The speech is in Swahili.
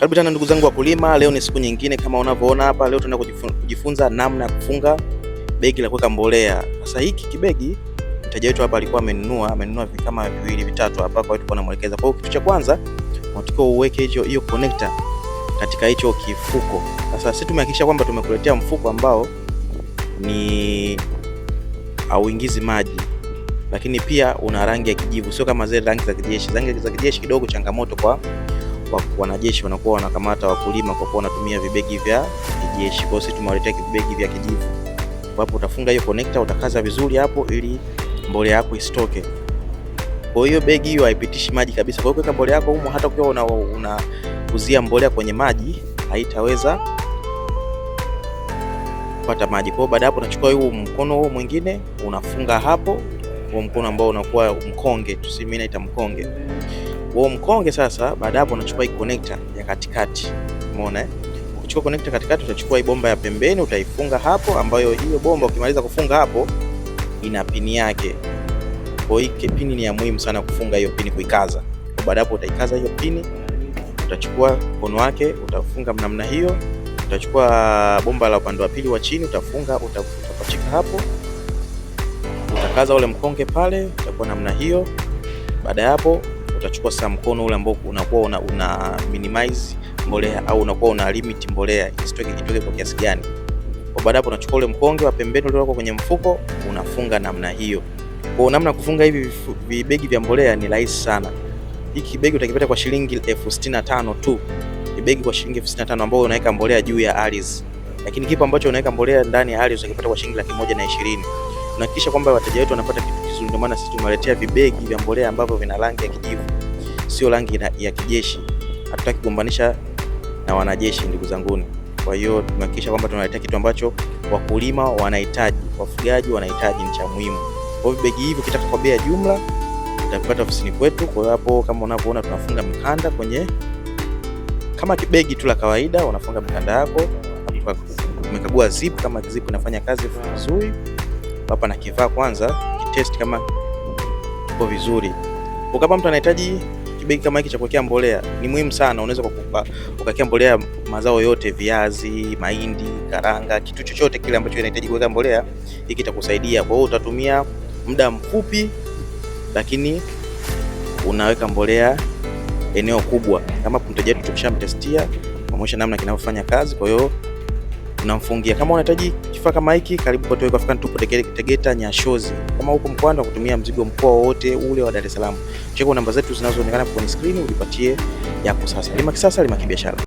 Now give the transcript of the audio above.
Karibu tena ndugu zangu wakulima, leo ni siku nyingine kama unavyoona hapa. Leo tunaenda kujifunza namna ya kufunga begi la kuweka mbolea. Sasa hiki kibegi mteja wetu hapa alikuwa amenunua amenunua kama viwili vitatu hapa, kwa hiyo tulikuwa tunamwelekeza. Kwa hiyo kitu cha kwanza unatakiwa uweke hiyo hiyo connector katika hicho kifuko. Sasa sisi tumehakikisha kwamba tumekuletea mfuko ambao ni hauingizi maji lakini pia una rangi ya kijivu, sio kama zile rangi za kijeshi. Rangi za kijeshi kidogo changamoto kwa wanajeshi wanakuwa wanakamata wakulima kwa kuwa wanatumia vibegi vya kijeshi. Kwa hiyo sisi tumewaletea vibegi vya kijivu, ambapo utafunga hiyo connector, utakaza vizuri hapo ili mbolea yako isitoke. Kwa hiyo begi hiyo haipitishi maji kabisa. Kwa hiyo kuweka mbolea yako humo, hata ukiwa unauzia una mbolea kwenye maji haitaweza kupata maji. Kwa hiyo baada hapo unachukua huu mkono huu mwingine unafunga hapo, huo mkono ambao unakuwa mkonge, tusimimi naita mkonge kwa mkonge sasa, baada hapo unachukua hii connector ya katikati. Umeona eh? Ukichukua connector katikati utachukua hii bomba ya pembeni utaifunga hapo, ambayo hiyo bomba ukimaliza kufunga hapo ina pini yake. Kwa hiyo pini ni ya muhimu sana kufunga hiyo pini kuikaza. Baada hapo utaikaza hiyo pini, utachukua mkono wake utafunga namna hiyo, utachukua bomba la upande wa pili wa chini utafunga, utapachika hapo, utakaza ule mkonge pale, utakuwa namna hiyo. Baada ya hapo utachukua saa mkono ule ambao unakuwa una, una minimize mbolea au unakuwa una limit mbolea isitoke kitoke kwa kiasi gani. Kwa baada hapo unachukua ule mkonge wa pembeni ule kwenye mfuko unafunga namna hiyo. Kwa namna kufunga hivi vibegi vya mbolea ni rahisi sana. Hiki kibegi utakipata kwa shilingi elfu sitini na tano tu. Kibegi kwa shilingi elfu sitini na tano ambao unaweka mbolea juu ya ardhi. Lakini kipo ambacho unaweka mbolea ndani ya ardhi utakipata kwa shilingi laki moja na ishirini tunahakikisha kwamba wateja wetu wanapata kitu kizuri. Ndio maana sisi tumewaletea vibegi vya mbolea ambavyo vina rangi ya kijivu, sio rangi ya kijeshi. Hatutaki kugombanisha na wanajeshi, ndugu zanguni. Kwa hiyo tumehakikisha kwamba tunaletea kitu ambacho wakulima wanahitaji, wafugaji wanahitaji, ni cha muhimu. Kwa hiyo vibegi hivyo kitaka kwa bei ya jumla utavipata ofisini kwetu. Kwa hiyo hapo, kama unavyoona, tunafunga mkanda kwenye kama kibegi tu la kawaida, unafunga mikanda yako, umekagua zip kama zip inafanya kazi vizuri hapa nakivaa kwanza kitest kama ipo vizuri. Kwa mtu anahitaji kibegi kama hiki cha kuwekea mbolea, ni muhimu sana. Unaweza ukawekea mbolea mazao yote, viazi, mahindi, karanga, kitu chochote kile ambacho inahitaji kuweka mbolea, hiki kitakusaidia. Kwa hiyo utatumia muda mfupi, lakini unaweka mbolea eneo kubwa. Kama mteja wetu tukishamtestia, pamoja namna kinavyofanya kazi, kwa hiyo tunamfungia. Kama unahitaji kifaa kama hiki, karibu kwa Toyota Africa, tupo Tegeta Nyashozi. Kama uko mkwanda kutumia mzigo mkoa wowote ule wa Dar es Salaam, cheka namba zetu zinazoonekana kwenye skrini ulipatie yako sasa. Lima kisasa, lima kibiashara.